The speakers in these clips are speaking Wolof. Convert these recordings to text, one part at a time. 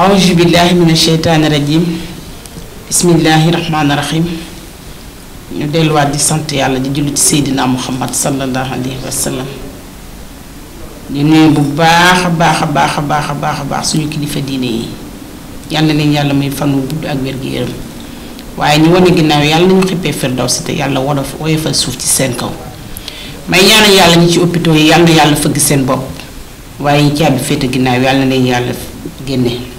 أعوذ بالله من الشيطان الرجيم بسم الله الرحمن الرحيم ندلوا دي سانت يالا دي جولي سيدنا محمد صلى الله عليه وسلم دي نوي بو باخ باخ باخ باخ باخ باخ سونو كليفا ديني يالا نين يالا مي فانو غود اك ويرغيرم واي ني وني غيناو يالا نيو خيبي فردوس تي يالا ودوف ويفا سوف تي سين كاو ما يانا يالا ني سي اوبيتو يالا يالا فغ سين بوب واي ني تياب فيتا غيناو يالا نين يالا генне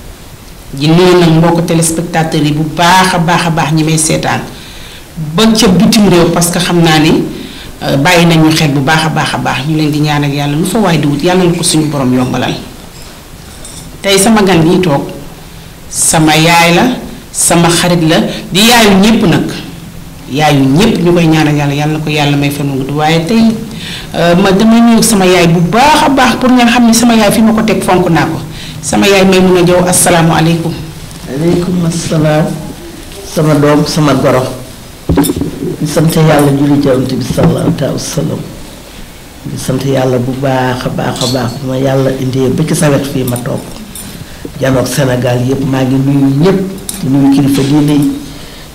di nuyu nag mbokk téléspectateur yi bu baax a baax a baax ñi may seetaan ba ca bitim réew parce que xam naa ni euh, bàyyi nañu xel bu baax a baax a baax ñu leen di ak yàlla lu fa waay di wut yàlla na ko suñu borom yombalal tey sama gan bii toog sama yaay la sama xarit la di yaayu ñépp nag yaayu ñépp ñu koy ñaanal yàlla yàlla ko yàlla may fanu gudd waaye tey euh, ma dama ñëw sama yaay bu baax a baax pour ngeen xam ni sama yaay fi ma ko teg fonk naa ko sama yaay may mun a jëw asalaamualeykum. aleykum asalaam sama doom sama goro. di sant yàlla julli jant bi sallallahu alayhi wa sallam di yàlla bu baax a baax a baax bu ma yàlla indee ba ci sawet fii ma toog janoog senegal yëpp maa ngi nuyu ñëpp di nuyu kilifa diine yi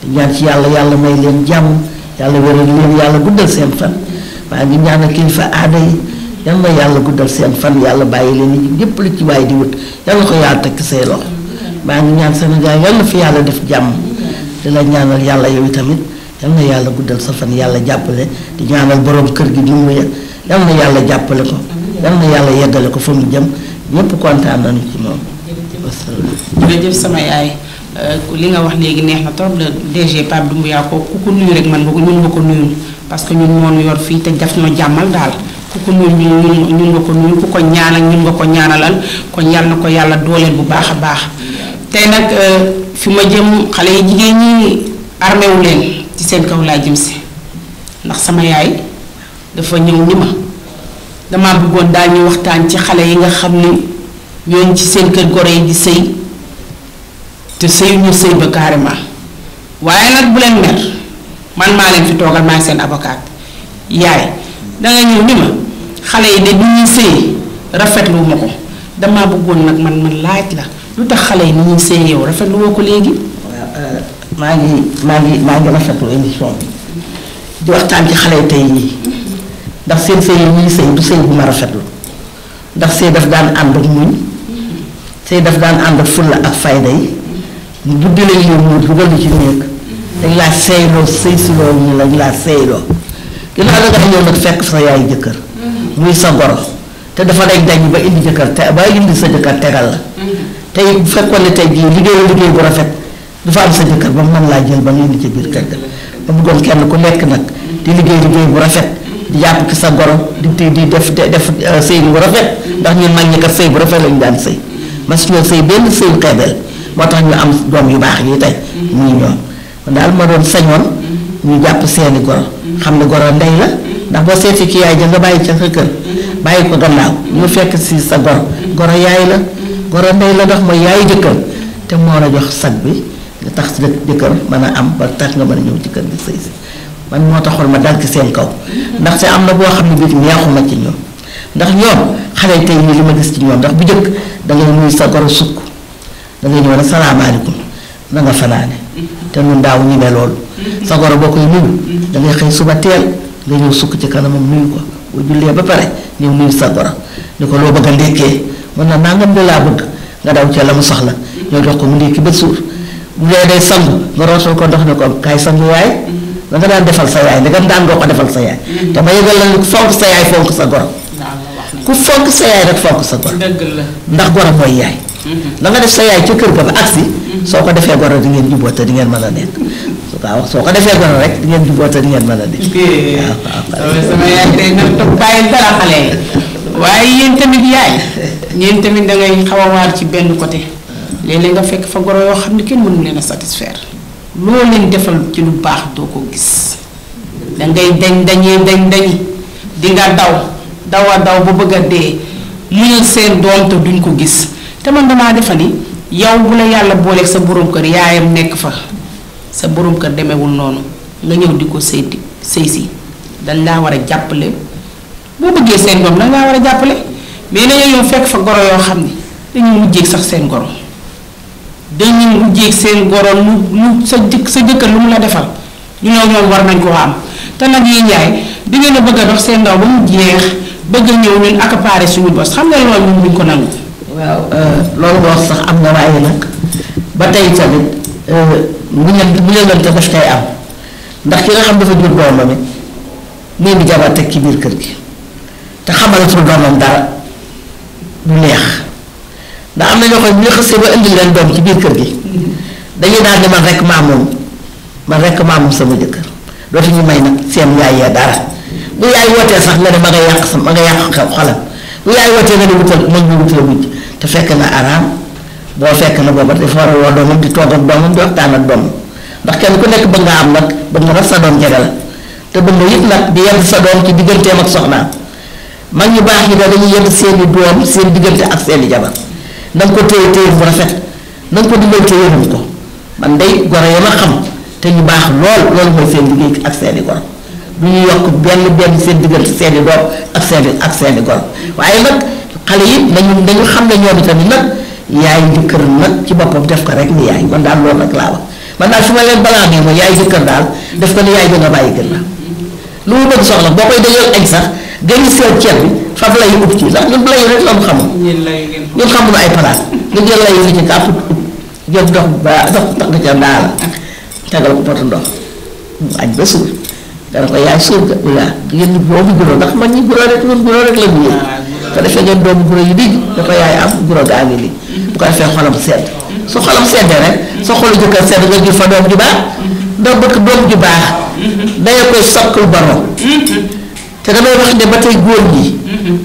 di ñaan ci yàlla yàlla may leen jàmm yàlla wéral leen yàlla guddal seen fan maa ngi ñaanal kilifa aada yi. yal na yàlla guddal seen fan yàlla bàyyi leen yi lépp lu ci waay di wut yàlla ko yàlla takk say loxo maa ngi ñaan Sénégal yal na fi yàlla def jàmm di la ñaanal yàlla yow tamit yàlla na yàlla sa fan yàlla jàppale di ñaanal kër gi mu yal yàlla jàppale ko yal na yàlla yeggale ko fa mu jëm ñëpp kontaan nañu ci moom jërëjëf sama yaay euh, li nga wax léegi neex na trop la DG Pape Doumbouya ko ku ko nuyu rek man nga ko ñun nga ko nuyu parce que ñun moonu yor fii te daf noo jàmmal daal ku ko muñ ñun ñun nga ko muñ ku ko ñun nga ko ñaanalal kon yàlla na ko yàlla dooleel bu baax a baax tey nag euh, fi ma jëm xale yi jigéen ñi armé wu leen ci seen kaw laa jëm si ndax sama yaay dafa ñëw ni ma damaa bëggoon daal ñu waxtaan ci xale yi nga xam ne yoon ci seen kër gore yi di sëy te sëy ñu sëy ba carrément waaye nag bu leen mer man maa leen fi toogal maay seen avocat yaay danga ñëw ni ma xale yi de bi ñuy sëy rafetlu ma ko damaa bëggoon nag man man laaj la lu tax xale yi ni ñuy sëy yow rafetlu woo ko léegi. maa ngi maa ngi maa ngi rafetlu émission bi di waxtaan ci xale yi tey yii ndax seen sëy yi ñuy sëy du sëy bu ma rafetlu ndax sëy daf daan ànd ak muñ sëy daf daan ànd ak fulla ak fayda yi guddi lañ yow mu dugal ci néeg dañ laa seeyloo sëy si loolu ñu lañ laa seeyloo ginnaaw da nga ñëw nag fekk sa yaay jëkkër muy sa gor te dafa daj daj ba indi jëkkër te ba indi sa jëkkër tegal la mm-hmm. tey bu fekkoon ne tey jii liggéey liggéey bu rafet du fa am sa jëkkër ba mën laa jël ba nga indi ci biir kër ga ba bëggoon kenn ku nekk nag di liggéey liggéey bu rafet di sa goro di di def def euh, sëy bu rafet ndax ñun mag ñi kat sëy bu rafet lañu daan sëy ma ñoo sëy benn sëy xeebeel moo tax ñu am doom yu baax yi tey ñii mm-hmm. ñoom daal ma doon sañoon ñu jàpp seeni goro xam ne goro ndey la ndax boo seeti ki yaay ja nga bàyyi ca sa kër bàyyi ko gannaaw ñu fekk si sa goro goro yaay la goro ndey la ndax mooy yaayu jëkkër te moo la jox sag bi nga tax jëkkër mën a am ba tax nga mën ñëw ci kër gi sëy si man moo taxoon ma dal ci seen kaw ndax te am na boo xam ne bii neexuma ci ñoom ndax ñoom xale tey nii li ma gis ci ñoom ndax bu njëkk da ngay sa goro sukk da ngay ñëw ne salaamaaleykum da nga fanaane te ñun daaw ñu ne loolu sagoro boo koy nuyu mm-hmm. da xëy suba teel nga ñëw sukk ci kanamam nuyu ko bu jullee ba pare ñëw nuyu sagoro ni ko loo bëgg a ndékkee mën na nangam bi laa bëgg nga daw ca la mu soxla ñoo mm-hmm. jox ko mu ndékki ba suur bu dee day sangu nga ndox ne ko kaay sangu waay da mm-hmm. nga daan defal sa yaay ndegam daan doo defal sa yaay te ma yëgal la sa yaay fonk sa goro ku fonk rek fonk sa goro ndax goro mooy yaay la nga def sa yaay ca kër ga ba agsi soo ko defee goro di ngeen jubóote di ngeen mën a nekk waaw soo ko defee noonu rek di ngeen jubóot te di ngeen mën a di. waaye yéen tamit yaay yéen tamit da ngay ci benn côté léeg-léeg nga fekk fa goro yoo xam ne kenn mënu leen a satisfaire loo leen defal ci lu baax doo ko gis da ngay dañ dañee dañ dañi nga daw daw daw ba bëgg a dee muñal seen doom te duñ ko gis te man damaa defa ni yow bu la yàlla booleeg sa borom kër yaayam nekk fa. sa borom kër demewul noonu nga ñëw di ko sëy sëy si dañ laa war a jàppale boo bëggee seen doom dañ laa war a jàppale mais na ñëw fekk fa goro yoo xam ne dañuy mujjeeg sax seen goro dañuy mujjeeg seen goro lu sa jëkk sa jëkkër lu mu la defal ñu ne ñoom war nañ koo am te nag di ngeen a bëgg a dox seen ndaw jeex bëgg a ñëw ñun xam nga loolu ñun ko nangu. waaw euh, loolu nga sax am na waaye nag ba tey tamit. mu euh, ñe mu ñëwante daf koy am ndax ki nga xam dafa jur doomam it néew bi jabar teg ci biir kër gi te xamalatul doomam dara du neex ndax am na ñoo xam ne ñu xasee ba indil leen doom ci biir kër gi dañuy daal di man rek maa moom man rek maa moom sama jëkkër dootuñu may nag seen yaay ya dara bu yaay wootee sax nga ne ma nga yàq sa ma nga yàq xew xalam bu yaay wootee nga ne wutal man ñu wutal wujj te fekk na araam. boo fekk na booba dafa war a woo doomam di toog ak doomam di waxtaan ak doomam ndax kenn ku nekk bëgg nga am nag bëgg nga raf sa doom jege la te bëgg nga it nag di yedd sa doom ak soxnaam mag ñu baax ñi da dañuy yedd seen i doom seen diggante ak seen i jabar ko téye téye bu rafet na ko dimbal te yërëm ko man day goro ya ma xam te ñu baax lool loolu mooy seen liggéey ak seen i goro du ñu yokk benn benn seen diggante seen i doom ak seen i ak seen i goro waaye nag xale yi nañu nañu xam ne ñoom itamit nag. yaay jëkkëram nag ci boppam def ko rek ni yaay man daal loolu rek laa wax man daal su ma leen balaa bii mooy yaay jëkkër daal def ko ni yaay gën a bàyyi gën la lu mu bëgg soxla boo koy dajal añ sax gënu sew ceeb bi fab lay ut ci ndax ñun lay rek ci kàpp jël ndox ba nga ca ba suur dana ko yaay suur ga ulaa yéen boobu guro ndax man ñi guro rek ñun guro rek la ñu ko defee ngeen doomu gura yi digg dafa yaay ya, am gura gaa ngi li bu ko defee xolam sedd so xolam seddee rek sa xolu jëkkër sedd nga jur fa doom ju baax doom bëgg doom ju baax daya koy sokkal borom te damay wax ne ba tey góor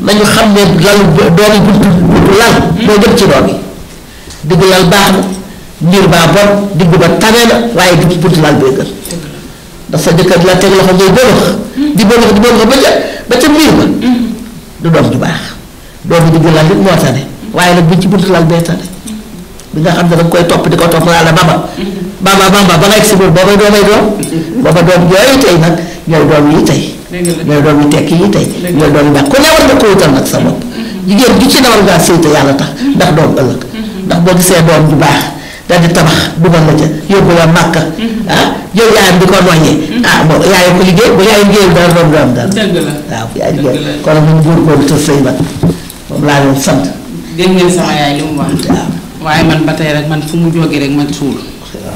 nañu xam ne lal doomi buntu lal moo jëm ci doom yi lal baax na mbir bon ba lal la loxo di bëlëx di ba ca ba ca ba du doom ju baax doo ko digg lal it moo tane waaye nag buñ ci buntu lal bee tane bi nga xam ne da koy topp di ko topp laa la baba baba baba ba nga egg si boobu booba doomay doom booba doom yooyu tey nag tey ñooy doom yi tekki yi tey ñooy doom yi ndax ku ne war nga ko wutal gi ci ne war ngaa sëy te yàlla tax ndax doom ëllëg ndax boo gisee doom ju baax daal di tabax dugal la ca yóbbu la màkka mm-hmm. ah jël yaayam di ko noññee mm-hmm. ah liggéey bu yaayam liggéeyul dara doom du am dara waaw yaay liggéey kon nag ñu góorgóorlu te nag moom laa leen sant. sama yaay li waaye man ba rek man fu mu rek man suul.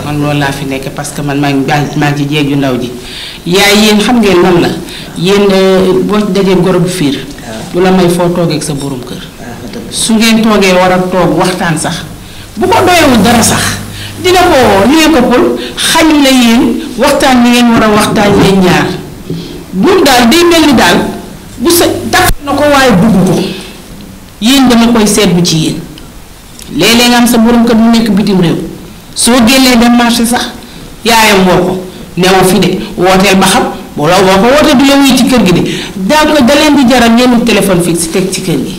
man loolu laa fi nekk parce que man maa ngi maa ngi ci ndaw ji. yaay yéen xam ngeen lan la yéen euh, boo dajee goro bu fiir. du la may foo toogee sa borom kër. su ngeen toogee war a toog waxtaan sax bu ko doyewul dara sax. dina ko woo ko pol xañ la waxtaan bi ngeen war a waxtaan yéen ñaar moom daal day mel ni daal bu sa tax na ko waaye dugg ko. yéen dama koy seetlu ci yéen léeg-léeg nga am sa borom kër mu nekk bitim réew soo génnee dem marché sax yaayam woo ko newu fi de wooteel ba xam boo la woo ko wootee du la wuy ci kër gi de daa ko da leen di jaral ngeen wut fii si teg ci kër gi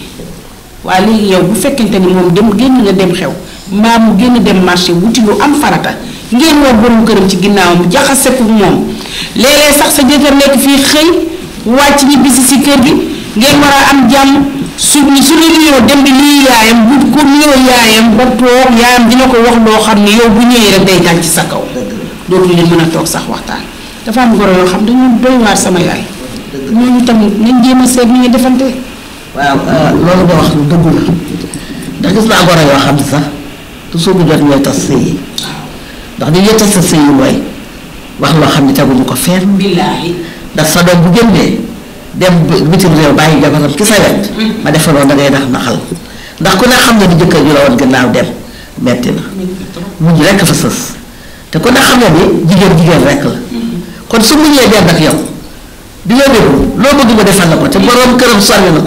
waaye léegi yow bu fekkente ni moom dem génn nga dem xew maam mu génn dem marché wuti lu am farata ngeen woo borom këram ci ginnaawam jaxase ko moom léeg-léeg sax sa jëkkër nekk fii xëy wàcc ñibbisi si kër gi ngeen war a am jàmm. su su la nuyoo dem di nuyu yaayam bu ko nuyoo yaayam ba toog yaayam dina ko wax loo xam ne yow bu ñëwee rek day dal ci sa kaw dootu leen mën a toog sax waxtaan dafa am goro yoo xam dañoo doy waar sama yaay ñooñu tamit nañ a seet ni ñu defante waaw euh, loolu nga wax lu dëgg la ndax gis naa goro yoo xam ne bu jot ñooy tas sëy yi ndax dañuy tas sa sëy yi mooy wax loo xam ne teguñu ko fenn billaahi ndax sa doom bu génnee dem bitim réew bàyyi jabaram ci sa wet ma defaroon da ngay nax naxal ndax ko na xam ne ni jëkkër ju la woon gannaaw dem metti na mujj rekk fa sës te ku ne xam ne ni jigéen jigéen rekk la kon su mujjee dem ak yow di la déglu loo bëgg ma defal na ko te borom këram sore na ko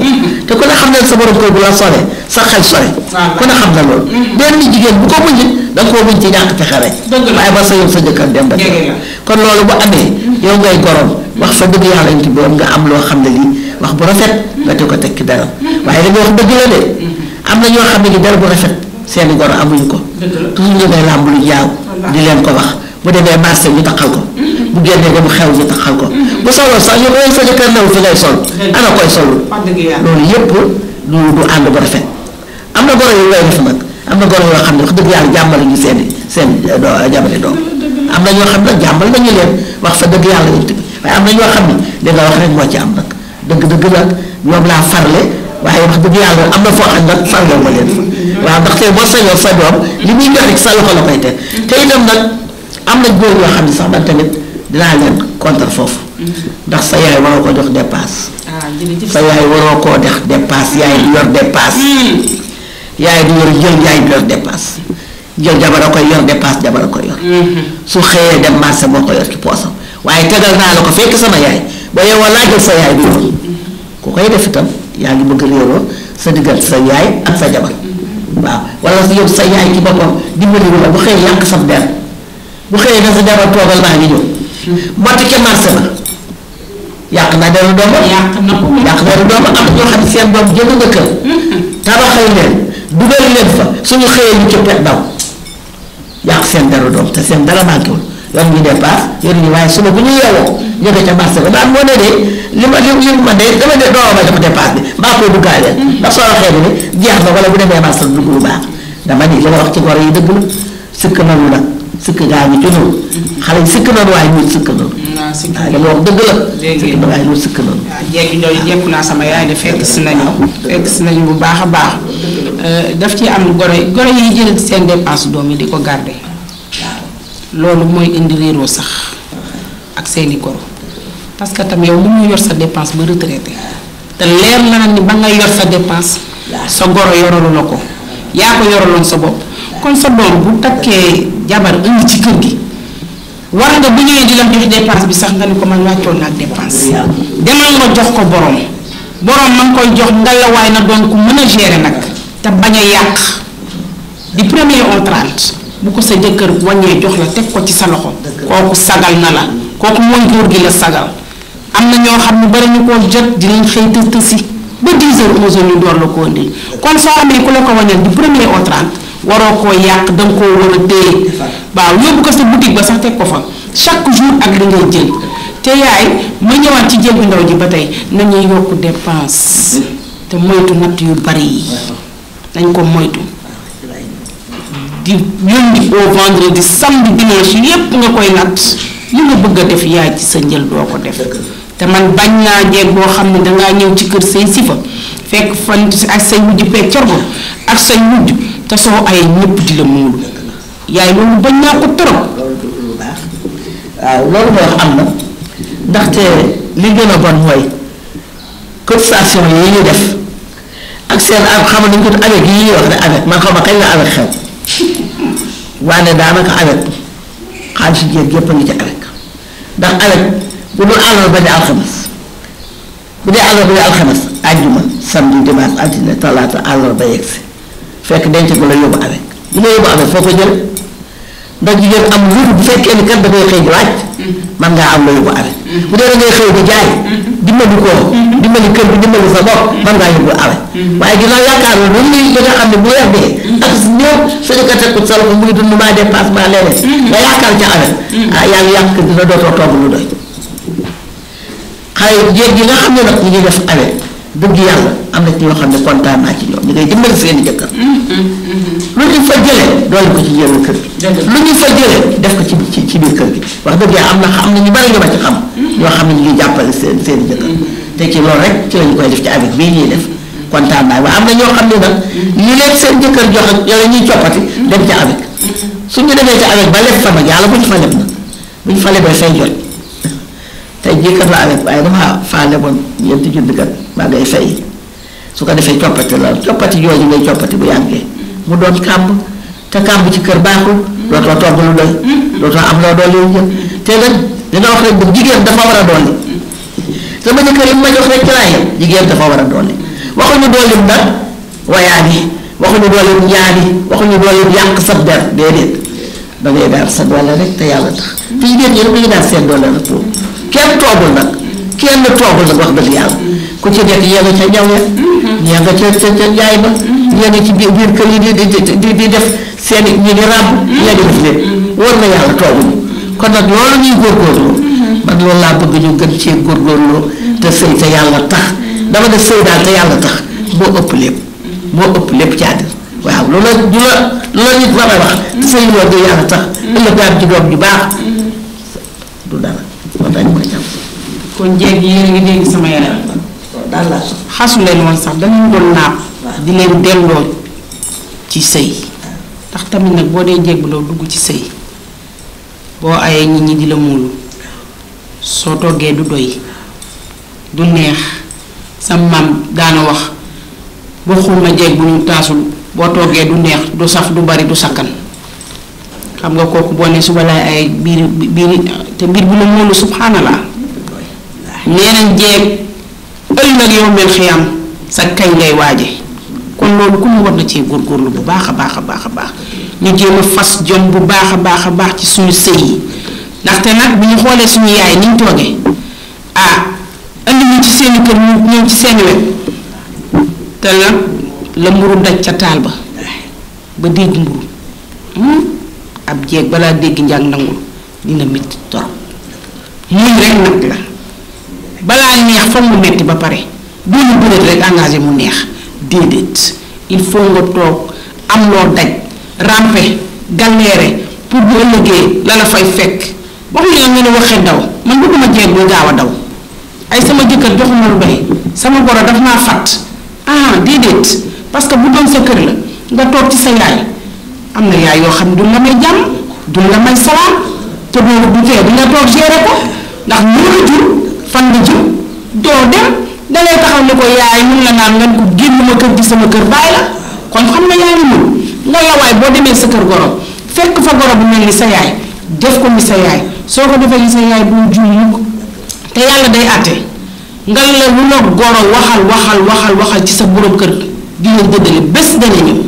te ku ne xam ne sa borom kër bu la sore sa xel sore ku ne xam na loolu mm-hmm. benn jigéen bu ko muñit da nga koo muñ ci pexe rek waaye ba sa yoon sa jëkkër dem ba kon loolu bu amee mm-hmm. yow ngay gorom wax fa dëgg yàlla ñu ci borom nga am loo xam ne lii wax bu rafet mm-hmm. nga di ko teg ci dara waaye da nga dëgg am na ñoo xam ne ni dara bu rafet seeni goro amuñu ko toujours ñu ngay làmb lu jaaw di leen ko wax bu demee marché ñu taqal ko bu génnee dem xew ñu taxal ko. bu solo sax sa jëkkër new fi ngay sol. ana koy sol. loolu yëpp du du ànd bu rafet. am na goro yu ngay def am na goro yoo xam ne wax dëgg yàlla jàmbale ñu seen seen jàmbale doom am na ñoo xam ne jàmbal nañu leen wax fa dëgg yàlla yëpp am na ñoo xam ne li nga moo ci am dëgg-dëgg nag ñoom laa farle waaye wax dëgg yàlla am na foo xam nag farle ma leen fa waaw ndax sa doom li muy jox rek sa loxo la koy teg te itam nag am na góor yoo xam ne sax man tamit. dinaa leen contre foofu. ndax sa yaay waroo ko jox dépasse. Ah, sa yaay waroo koo dex dépasse yaay du yor dépasse. Hmm. yaay du yor jël yaay du yor dépasse. koy yor dépasse a koy yor. Hmm. su xëyee dem marché moo ko yor naa la ko fekk sama yaay ba yow laa jël yor ku koy def itam yaa ngi bëgg réeroo sa diggante sa yaay ak sa jabar waaw wala yow sa yaay ci boppam dimbali bu xëyee yàq sa der bu xëyee na sa jabar toogal maa ngi ñëw. bott ca marché ba yàq na deru doom yàq na yàq deru doom am na ñoo xam seen doom jënd nga kër mm-hmm. tabaxal leen dugal leen fa suñu xëyee ñu ci pet daw yàq seen deru doom te seen dara manqué wul yor ñu dépasse yor waaye suba bu ñu yeewoo ñu nga ca marché ba daan moo ne de li ma li ma de dama de doo ma dama dépasse bi mbaa mm-hmm. soo waxee ni jeex na wala bu demee marché dugg lu baax dama ni li ma wax ci gor yi dëgg la sukk na nag sëkk gaa ngi ci noonu. xale yi sëkk noonu waaye ñun sëkk noonu. naa sëkk noonu dama wax sama yaay de fekk si nañu fekk si nañu bu baax a baax euh, daf ci am goro goro yi jël seen dépense doom yi di ko garde loolu mooy indi réeroo sax ak seeni goro parce que tam yow lu yor sa dépense ba retraité te leer naa ni ba nga yor sa dépense. sa goro yoralu ko yaa ko yoraloon sa bopp. kon sa doom bu takkee jabar indi ci kër gi war nga bu ñëwee di la jox dépense bi sax nga ne ko man wàccoon naa dépense demal nga jox ko borom borom ma ngi koy jox ngalawaay nag doon ku mën a gérer nag te bañ a yàq di premier au trente bu ko sa jëkkër wàññee jox la teg ko ci sa loxo kooku sagal na la kooku mooy góor gi la sagal am na ñoo xam ne bari ñu koo jot dinañ xëy tës tësi ba 10 heures ñu door la ko indi kon soo amee ku la ko wàññal di premier au trente waroo koo yàq da nga koo war a téye waaw yóbbu ko sa boutique ba sax teg ko fa chaque jour ak li ngay jël te yaay ma ñëwaat ci jël bi ndaw ji ba tey nañuy yokk dépense te moytu natt yu bari yi dañ ko moytu di lundi au vendredi samedi dimanche yépp nga koy natt li nga bëgg a def yaay ci sa njël doo ko def te man bañ naa jeeg boo xam ne danga ñëw ci kër say sifa fekk fan ak say wujj peeg corgo ak say wujj تصو أي نبدي المول يا يوم بنيا كتر لولو بخ أنا دخت لجنا بنوي كفاسيون يي دف أكسر أب خم نقول أنا جي ولا أنا ما خم قلنا أنا خم وأنا دامك أنا قاعد جي جي بني جالك دخ أنا بدو أنا بدي الخمس بدي أنا بدي الخمس أجمل سامدي دماغ أجمل ثلاثة أنا بدي أكسر fekk denc ko la yóbbu avec li nga yóbbu avec foo ko jël ndax jigéen am lu bu fekkee ni kat da xëy di wàcc man mm-hmm. ngaa am la yóbbu avec mm-hmm. bu dee da ngay xëy di jaay mm-hmm. dimbali ko dimbali kër bi dimbali sa bopp man ngaa yóbbu avec waaye ginnaaw yaakaar na lu ñuy jot a am ne bu weer dee ak ñëw suñu ko teg ko solo ko muy dund maa dépassement leneen nga yaakaar ca avec ah yaa ngi dina dootoo togg lu doy xale jéeg nga xam ne nag ñu ngi def avec dëgg yàlla am na ci ñoo xam ne kontaan naa ci ñoom ñu ngay dimbali seen i jëkkër lu ñu fa jëlee doole ko ci yéen kër gi fa jëlee def ko ci ci ci biir kër gi wax dëgg yàlla am na am na ñu bari ñu ma ci xam ñoo xam ne ñu ngi jàppale seen seen i jëkkër te ci loolu rek ci la ñu koy def ci avec bii ñuy def kontaan naa waaye am na ñoo xam ne nag ñu leen seen jëkkër jox ak yooyu ñuy coppati dem ci avec suñu demee ci avec ba leb fa nag yàlla bu ñu fa leb nag bu ñu fa lebee fay jot tey jëkkër la avec waaye damaa faa leboon ñeenti junni kat ba ngay fay su ko defee coppati la coppati jooju ngay coppati bu yàggee mu doon kàmb te kàmb ci kër baaxul dootoo togg lu doy dootoo am loo dool yow jël te nag dina wax rek bu jigéen dafa war a dolli sama jëkkër yi ma jox rek ci laay jigéen dafa war a dolli waxuñu doolim nag wayaani waxuñu doolim ñaani waxuñu doolim yàq sa der déedéet da ngay daal sa doole rek te yàlla tax te jigéen ñi dañuy daal seen doole rek kenn toogul nag kenn toogul nag wax dëgg yàlla ku ci nekk yéen a ca ñaw mm-hmm. ya. yéen a ca ca ca jaay ba. Mm-hmm. yéen ci biir kër yi di di di def seen ñi ñu di ràbb. Mm-hmm. yéen a def leen na yàlla tooguñu kon nag loolu ñuy góorgóorlu. man loolu laa bëgg ñu gën cee góorgóorlu. te sëy te yàlla tax. dafa def sëy daal te yàlla tax moo ëpp lépp. moo ëpp lépp ci àddina waaw lu la du la lu la nit war a wax. sëy loolu de yàlla tax. ëllëg daal ci doom ju baax. du dara kon dañ ma jàpp. kon jéeg yéen a ngi dégg sama yaram. daal xasu leen sax dañu doon naab. di leen delloo ci sëy. ndax tamit nag boo dee jégbaloo dugg ci sëy boo ayee nit ñi di la muulu soo toggee du doy du neex sa maam wax waxul ma jéeg du neex du saf du bari du sakkan xam nga kooku boo ne suba laay ay biir biir te biir bu la muulu subhanallah nee nañ ëllëg yow mel xiyam sa kay ngay waaje kon loolu ku mu war na cee góorgóorlu bu baax a baax a baax a baax ñu jéem fas jom bu baax a baax a baax ci suñu sëy yi ndaxte nag bu ñu xoolee suñu yaay ni ñu ah indi ñu ci seeni kër ñu ñëw ci seeni wet te nag la mburu daj ca taal ba ba dégg mburu hmm, ab jeeg balaa dégg njàng nangul dina métti torop muñ rek nag la balaa neex fa mu metti ba pare doo ñu bëreet rek engagé mu neex déedéet il faut nga toog am loo daj rampe galère pour bu ëllëgee la la fay fekk waxuñu nag nga ne waxee daw man bëgguma jeeg bu gaaw a daw ay sama jëkkër joxuma lu doy sama goro daf maa fàtt ah déedéet parce que bu doon sa kër la nga toog ci sa yaay am na yaay yoo xam ne duñ la may jàmm duñ la may salaam te boobu bu tee di nga toog gérer ko ndax ñoo la jur fan nga jëm doo dem da ngay taxaw ne ko yaay mun la naan nga ko génn ma kër gi sama kër bàyyi la kon xam nga yaa ngi mun nga la boo demee sa kër goro fekk fa goro bu mel ni sa yaay def ko ni sa yaay soo ko defee ni sa yaay boo juum mukk te yàlla day àtte nga la lu la goro waxal waxal waxal waxal ci sa borom kër di la dëddale bés dana ñëw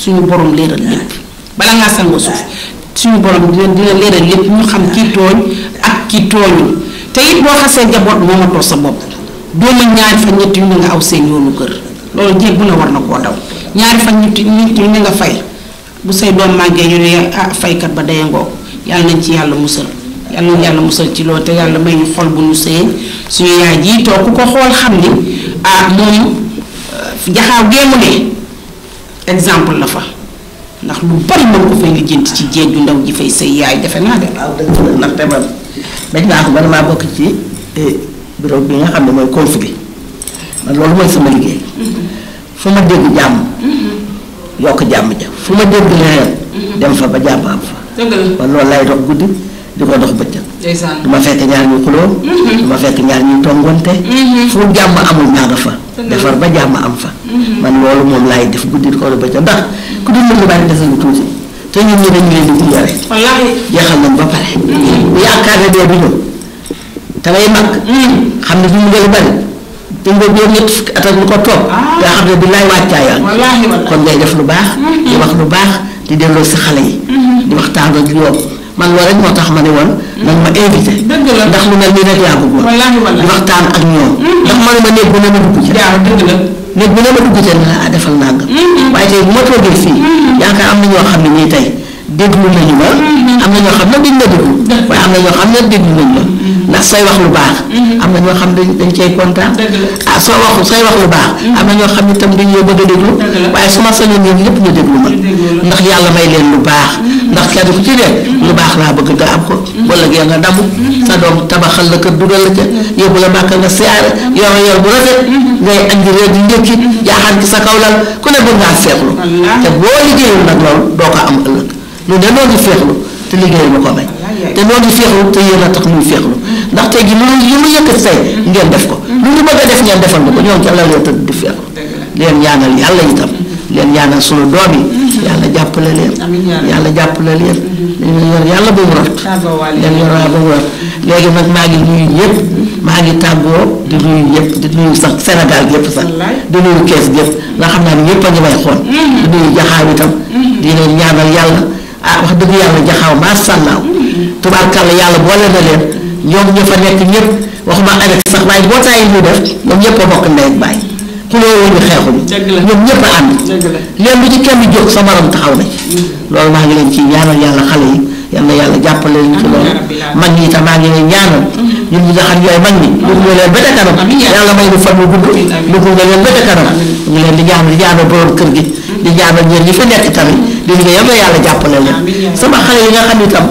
suñu borom leeral lépp bala ngaa sangoo suuf suñu borom dina dina leeral lépp ñu xam ki tooñ ak kii too te it boo xasee njaboot moomatoo sa bopp doo mën ñaari fan ñetti yu ne nga aw seen yoonu kër loolu jéeg bu ne war na koo daw ñaari fan ñetti yu ne nga fay bu say doom màggee ñu ne ah faykat ba daya ngoo yàlla nañ ci yàlla musal yàlla nañ yàlla musal ci loolu te yàlla may ñu xol bu ñu sëyee suñu yaay jii ku ko xool xam ni ah moom euh, jaxaaw géemu ne exemple la fa ndax lu bari mën ko fay lijjanti ci jéeg ju ndaw ji fay say yaay defe naa de. waaw ah, dëgg la ndax daj naa ma ba damaa bokk ci eh, bureau bi nga xam ne mooy consul bi man loolu mooy sama liggéey fu ma dégg jàmm yokk jàmm ja fu ma dégg leneen dem fa ba jàmm am fa man loolu lay dox guddi di ko dox bëccëg du ma fekk ñaar ñuy xuloo mhm. ma fekk ñaar ñuy tongonte mhm. fu jàmm amul ñaa nga fa defar ba am fa mhm. man loolu moom laay def guddi di ko dox bëccëg ndax ku dul mën lu bari tuuti te ñun ñu dañu leen di gunge rek. jeexal nañ ba pare. bu yaakaar ne dee bi ñëw mag. Hmm. xam ne bu mu gën a bëri. te nga ñoom ñett fukki at ak lu ko toog. Ah. nga xam ne billaay wàccaayal. wallaahi kon ngay def lu baax. Hmm. di wax lu baax di delloo si xale yi. Hmm. di waxtaan ak yoon. man loolu rek moo tax ma ne woon. nañ ma invité. ndax lu mel nii rek laa bëggoon. wallaahi di waxtaan ak ñoom. ndax mënuma nekk bu ne ma dugg ci. néeg bu ne ma dugg te ne la ah defal nangam. Mm-hmm. waaye tey bu ma toogee fii. Mm-hmm. yaakaar am na ñoo xam ne nii tey. déglu nañu la mm-hmm. am na ñoo xam ne dañ la déglu waaye am na ñoo xam ne déglu nañu la mm-hmm. ndax say wax lu baax mm-hmm. am na ñoo xam ne dañ cay kontaan ah soo waxu say wax lu baax am na ñoo xam ne itam dañ lay bëgg a déglu waaye su ma sañoon ñoom déglu ndax yàlla may leen lu baax ndax kenn ku ci ne lu baax laa bëgg nga am ko wala gee nga damu sa doom tabaxal la kër dugal la ca yóbbu la màkk nga siyaare yor yor bu rafet ngay andi réer di njëkki jaaxaan ci sa kaw lal ku ne bëgg ngaa seetlu te boo liggéeyul nag doo ko am lu de loolu di féexlu te liggéey lu ko may te loolu di féexlu te yéen a tax muy féexlu ndax tey jii lu lu lu yëkkati tey ngeen def ko lu ñu bëgg def ngeen defal na ko ñoom ci àlla leen tëdd di féexlu leen ñaanal yàlla itam leen ñaanal sunu doom yi yàlla jàppale leen yàlla jàppale leen dañu yàlla ba mu rot leen yor ba mu rot léegi nag maa ngi nuyu ñëpp maa ngi tàggoo di nuyu ñëpp di nuyu sax Sénégal yëpp sax di nuyu kees yëpp nga xam naa ne ñëpp a ngi may xool mm-hmm. di nuyu jaxaar itam mm-hmm. di leen ñaanal yàlla ah wax dëgg yàlla jaxaw maasàllaaw tubaarkàlla yàlla boole na leen ñoom ña fa nekk ñëpp waxuma avec sax waaye mbootaay yi ñuy def ñoom ñëpp a bokk ndey ak baay xuloowuñu xeexuñu ñoom ñëpp a ànd leen lu ci kenn jóg sa morom taxaw na ci mm. loolu maa ngi leen ci ñaanal yàlla xale yi yal na yàlla jàppale leen ci loolu mag ñi tam maa ngi leen ñaanal ñun ñi nga xam ñooy mag ñi ñu leen ba ca kanam yàlla may ñu fan mu gudd ñu gunge leen ba ca kanam ñu leen di ñaan di ñaanal borom kër gi di ñaanal ñeen ñi fi nekk tamit di nga yal na yàlla jàppale leen sama xale yi nga xam itam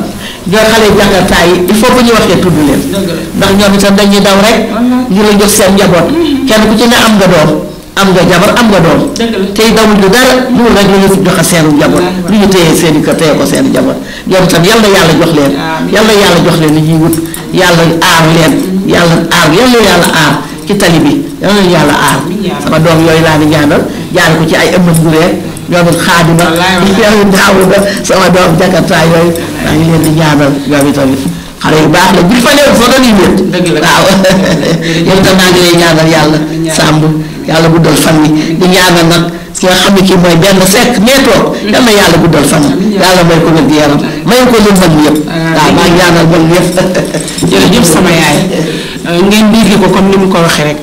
ñooy xale yi jàngartaa yi il faut que ñu waxee tudd leen ndax ñoom itam dañuy daw rek ñu la jox seen njaboot kenn ku ci ne am nga doom am nga jabar am nga doom tey dawul du dara loolu rek la ñu fi joxe seenu njaboot lu ñu téye seen i kër téye ko seen i njaboot ñoom itam yal na yàlla jox leen yal na yàlla jox leen li ñuy wut yàlla aar leen yàlla aar yal na yàlla aar ci tali bi yal na yàlla aar sama doom yooyu laa di ñaanal jaar ko ci ay ëmmat bu reer ñoom it xaadima ñoom it daawuda sama doom jakartaa yooyu maa ngi leen di ñaanal ñoom itamit xale yu baax la bu ñu fa leen fa doon yu wéet waaw yow itam maa ngi lay ñaanal yàlla sàmm yàlla guddal fan yi di ñaanal nag ki nga xam ne kii mooy benn sekk nee toog yal na yàlla guddal fan yi yàlla may ko wér yaram may ko lu mën yëpp waaw maa ngi ñaanal mën yëpp jërëjëf euh, ko comme ni mu ko waxee rek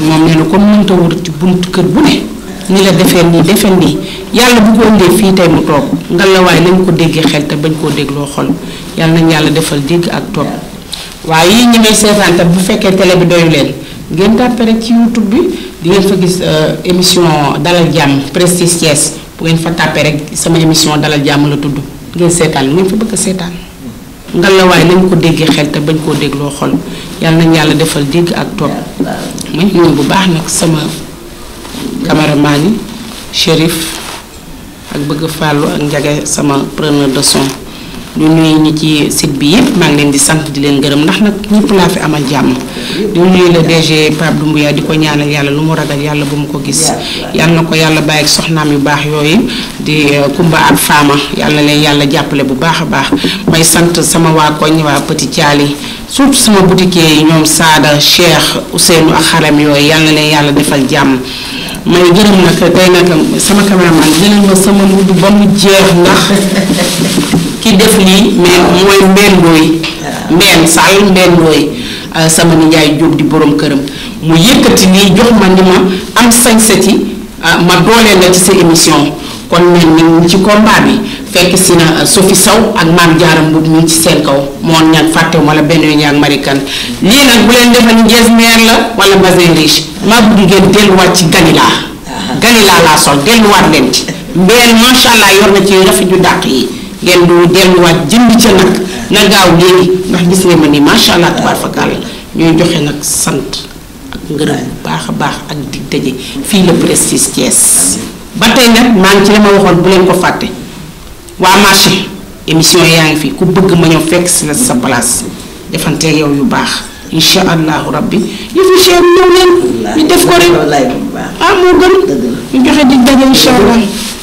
moom nee na comme mënta wut ci buntu kër bu ne ni la defee nii defee nii yàlla bu ko indee fii tey mu toog ngallaawaay mu ko déggee xel te bañ koo dégloo xol yàlla nañ yàlla defal dégg ak toog waaye yii ñi may seetaan bu fekkee télé bi doyu leen ngeen tàppe ci YouTube bi. di ngeen fa gis euh, émission dalal jàmm Prestige Thiès bu ngeen fa tàppee rek sama émission dalal jàmm la tudd ngeen seetaan lu ngeen fa bëgg a seetaan. ngallaawaay nañ ko déggee xel te bañ koo dégloo xol yàlla nañ yàlla defal dégg ak topp. may nuyu bu baax nag sama caméraman yi Chérif ak bëgg fàllu ak Njaga sama preneur de son. ñu nuyu ñi ci site bi yëpp maa ngi leen di sant di leen gërëm ndax nag ñëpp laa fi amal jàmm di nuyu la DG Pape Doumbouya di ko ñaanal yàlla lu mu ragal yàlla bu mu ko gis yàlla na ko yàlla bàyyi ak soxnaam yu baax yooyu di eh, Kumba ak Faama yàlla leen yàlla jàppale bu baax a baax may sant sama waa koñ waa Petit Thiali surtout sama boutiquier yi ñoom Saada Cheikh Ousseynou ak xaram yooyu yàlla leen yàlla defal jàmm may gërëm nag tey nag sama cameraman jëlal ma ki def lii mais mooy mbenn ndooy mbenn sàll mbenn ndooy euh, sama nijaay Jóob di borom këram mu yëkkati lii jox ma ni ma am sañ ah, ma dooleel la ci sa émission kon mel ni mu ci combat bi fekk si na euh, Sophie Sow ak maam jaaram mbub mu ngi ci seen kaw moo ñàkk fàttewu ma la benn yoon yaa marikan lii nag bu leen defal njëzmeer la wala bazin riche maa bëgg ngeen delluwaat ci ganilaa ganilaa laa sol delluwaat leen ci benn macha allah yor na ci rafet ju yi ngeen du delluwaat jënd ca nag na gaaw léegi ndax gis nga ma ni macha allah tubaar fakal ñooy joxe nag sant ak ngërëm bu baax a baax ak dig daje fii la Prestige Thiès ba tey nag maa ngi ci la ma waxoon bu leen ko fàtte waa marché émission yaa ngi fii ku bëgg ma ñëw fekk si la sa place defanteeg yow yu baax incha allahu rabbi yëf yi cher ñëw leen ñu def ko rek ah moo gën ñu joxe dig daje incha allah